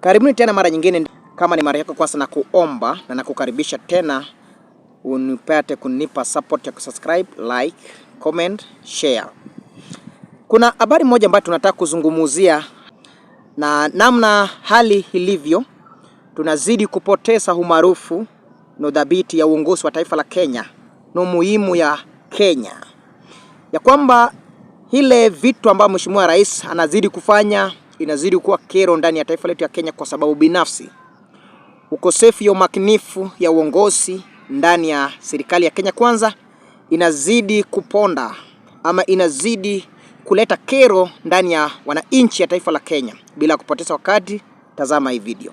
Karibuni tena mara nyingine. Kama ni mara yako kwanza, na kuomba na nakukaribisha tena unipate kunipa support ya kusubscribe, like, comment, share. Kuna habari moja ambayo tunataka kuzungumzia na namna hali ilivyo, tunazidi kupoteza umaarufu na udhabiti ya uongozi wa taifa la Kenya na umuhimu ya Kenya, ya kwamba ile vitu ambayo mheshimiwa rais anazidi kufanya inazidi kuwa kero ndani ya taifa letu ya Kenya kwa sababu binafsi, ukosefu ya umakinifu ya uongozi ndani ya serikali ya Kenya Kwanza inazidi kuponda ama inazidi kuleta kero ndani ya wananchi ya taifa la Kenya. Bila kupoteza wakati, tazama hii video.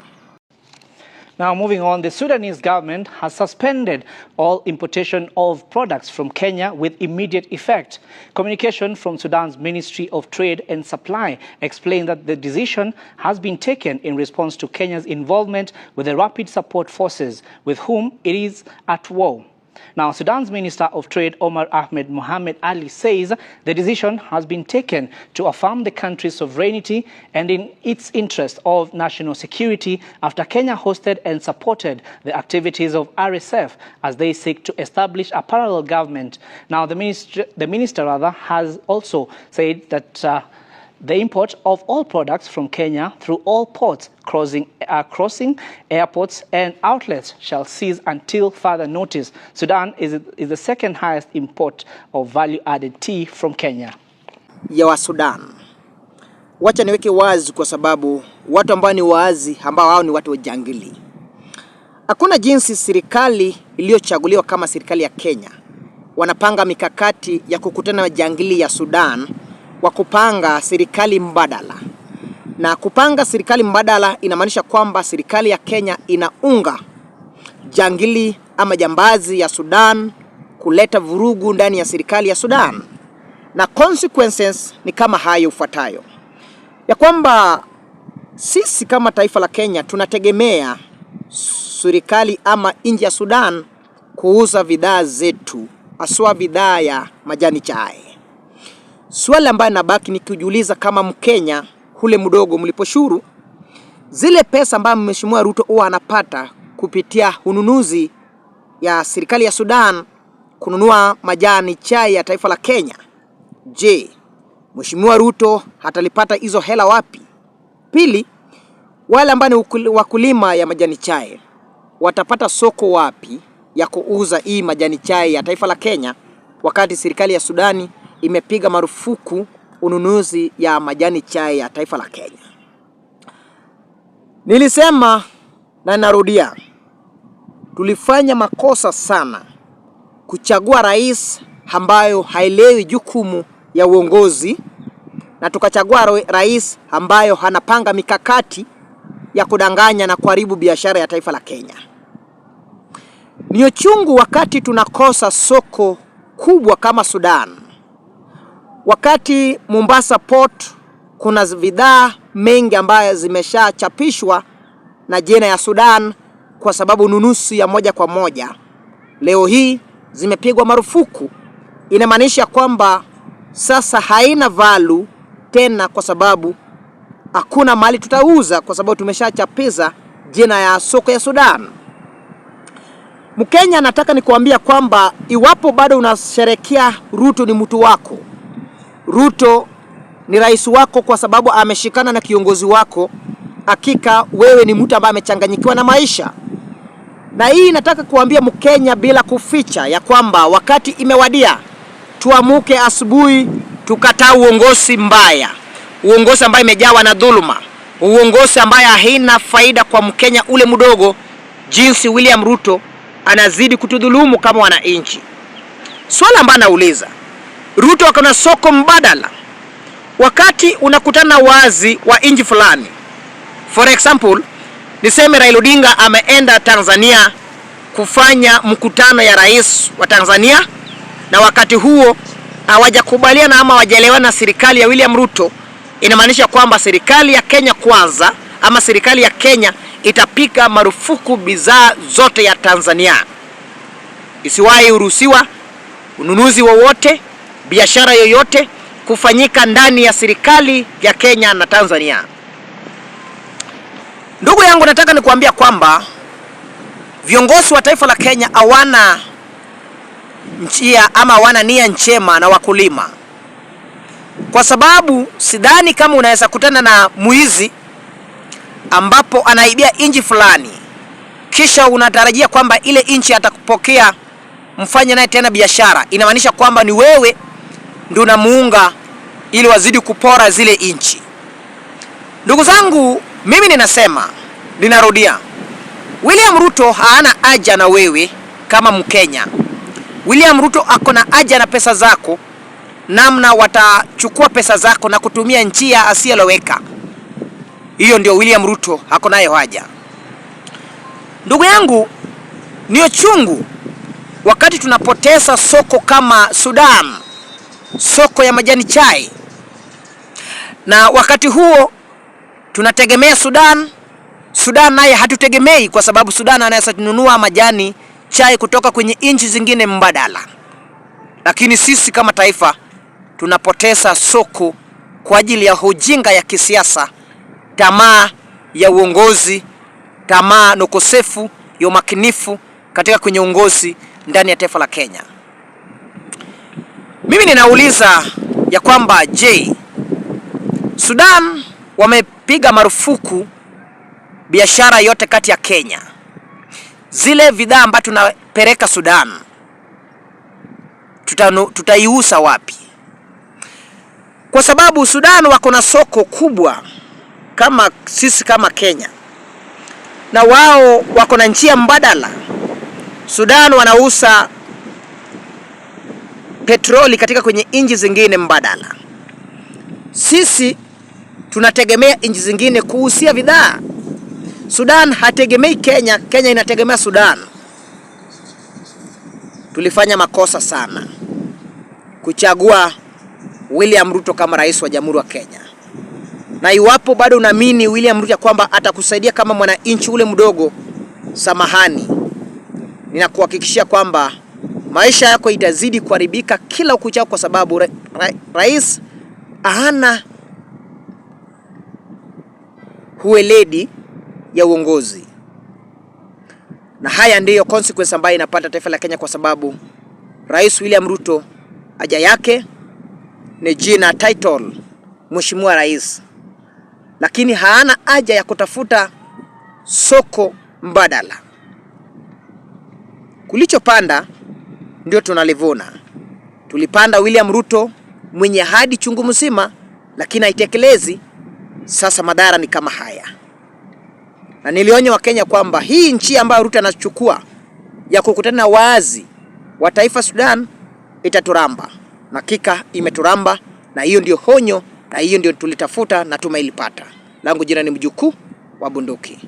Now, moving on, the Sudanese government has suspended all importation of products from Kenya with immediate effect. Communication from Sudan's Ministry of Trade and Supply explained that the decision has been taken in response to Kenya's involvement with the Rapid Support Forces, with whom it is at war. Now, Sudan's Minister of Trade, Omar Ahmed Mohamed Ali, says the decision has been taken to affirm the country's sovereignty and in its interest of national security after Kenya hosted and supported the activities of RSF as they seek to establish a parallel government. Now, the minister, the minister rather, has also said that. Uh, the import of all products from Kenya through all ports crossing, uh, crossing, airports, and outlets shall cease until further notice. Sudan is, is the second highest import of value-added tea from Kenya. Yawa Sudan, wacha niweke wazi, kwa sababu watu ambao ni waazi, ambao hao ni watu wajangili. Hakuna jinsi serikali iliyochaguliwa kama serikali ya Kenya wanapanga mikakati ya kukutana na jangili ya Sudan wa kupanga serikali mbadala, na kupanga serikali mbadala inamaanisha kwamba serikali ya Kenya inaunga jangili ama jambazi ya Sudan kuleta vurugu ndani ya serikali ya Sudan, na consequences ni kama hayo ufuatayo, ya kwamba sisi kama taifa la Kenya tunategemea serikali ama nchi ya Sudan kuuza bidhaa zetu, haswa bidhaa ya majani chai. Swali ambayo nabaki nikijiuliza kama Mkenya hule mdogo mliposhuru, zile pesa ambazo Mheshimiwa Ruto huwa anapata kupitia ununuzi ya serikali ya Sudan kununua majani chai ya taifa la Kenya, je, Mheshimiwa Ruto atalipata hizo hela wapi? Pili, wale ambao ni wakulima ya majani chai watapata soko wapi ya kuuza hii majani chai ya taifa la Kenya wakati serikali ya Sudani imepiga marufuku ununuzi ya majani chai ya taifa la Kenya. Nilisema na narudia, tulifanya makosa sana kuchagua rais ambayo haelewi jukumu ya uongozi na tukachagua rais ambayo anapanga mikakati ya kudanganya na kuharibu biashara ya taifa la Kenya. Ni uchungu wakati tunakosa soko kubwa kama Sudan Wakati Mombasa Port kuna bidhaa mengi ambayo zimeshachapishwa na jina ya Sudan kwa sababu nunusi ya moja kwa moja leo hii zimepigwa marufuku. Inamaanisha kwamba sasa haina valu tena, kwa sababu hakuna mali tutauza, kwa sababu tumeshachapiza jina ya soko ya Sudan. Mkenya, nataka nikuambia kwamba iwapo bado unasherekea Ruto ni mtu wako, Ruto ni rais wako kwa sababu ameshikana na kiongozi wako. Hakika wewe ni mtu ambaye amechanganyikiwa na maisha, na hii nataka kuambia Mkenya bila kuficha ya kwamba wakati imewadia tuamuke asubuhi, tukataa uongozi mbaya, uongozi ambaye imejawa na dhuluma, uongozi ambaye haina faida kwa Mkenya ule mdogo, jinsi William Ruto anazidi kutudhulumu kama wananchi. Swala ambayo anauliza Ruto akaona soko mbadala. Wakati unakutana wazi wa inji fulani, for example, niseme Raila Odinga ameenda Tanzania kufanya mkutano ya rais wa Tanzania, na wakati huo hawajakubaliana ama hawajaelewana na serikali ya William Ruto, inamaanisha kwamba serikali ya Kenya kwanza ama serikali ya Kenya itapiga marufuku bidhaa zote ya Tanzania, isiwahi uruhusiwa ununuzi wowote biashara yoyote kufanyika ndani ya serikali ya Kenya na Tanzania. Ndugu yangu, nataka nikuambia kwamba viongozi wa taifa la Kenya hawana njia ama hawana nia njema na wakulima, kwa sababu sidhani kama unaweza kutana na mwizi ambapo anaibia inji fulani kisha unatarajia kwamba ile inchi atakupokea mfanye naye tena biashara. Inamaanisha kwamba ni wewe ndio namuunga ili wazidi kupora zile nchi. Ndugu zangu, mimi ninasema, ninarudia, William Ruto haana haja na wewe kama Mkenya. William Ruto ako na haja na pesa zako, namna watachukua pesa zako na kutumia njia asiyeloweka. Hiyo ndio William Ruto ako nayo haja. Ndugu yangu, niyo chungu wakati tunapoteza soko kama Sudan soko ya majani chai, na wakati huo tunategemea Sudan. Sudan naye hatutegemei kwa sababu Sudan anaweza kununua majani chai kutoka kwenye nchi zingine mbadala, lakini sisi kama taifa tunapoteza soko kwa ajili ya hujinga ya kisiasa, tamaa ya uongozi, tamaa na ukosefu ya umakinifu katika kwenye uongozi ndani ya taifa la Kenya. Mimi ninauliza ya kwamba je, Sudan wamepiga marufuku biashara yote kati ya Kenya. Zile bidhaa ambazo tunapeleka Sudan tutaiusa wapi? Kwa sababu Sudan wako na soko kubwa kama sisi kama Kenya, na wao wako na njia mbadala. Sudan wanauza petroli katika kwenye inji zingine mbadala. Sisi tunategemea inji zingine kuhusia bidhaa. Sudan hategemei Kenya, Kenya inategemea Sudan. Tulifanya makosa sana kuchagua William Ruto kama rais wa Jamhuri wa Kenya. Na iwapo bado unaamini William Ruto kwamba atakusaidia kama mwananchi ule mdogo, samahani, ninakuhakikishia kwamba maisha yako itazidi kuharibika kila ukuchao, kwa sababu ra, ra, rais hana hueledi ya uongozi, na haya ndiyo consequence ambayo inapata taifa la Kenya, kwa sababu Rais William Ruto aja yake ni jina title mheshimiwa rais, lakini haana haja ya kutafuta soko mbadala. Kulichopanda ndio tunalivuna. Tulipanda William Ruto mwenye ahadi chungu mzima, lakini haitekelezi. Sasa madhara ni kama haya, na nilionya Wakenya kwamba hii nchi ambayo Ruto anachukua ya kukutana waazi wa taifa Sudan itaturamba, na hakika imeturamba, na hiyo ndio honyo, na hiyo ndio tulitafuta na tumeilipata. Langu jina ni mjukuu wa bunduki.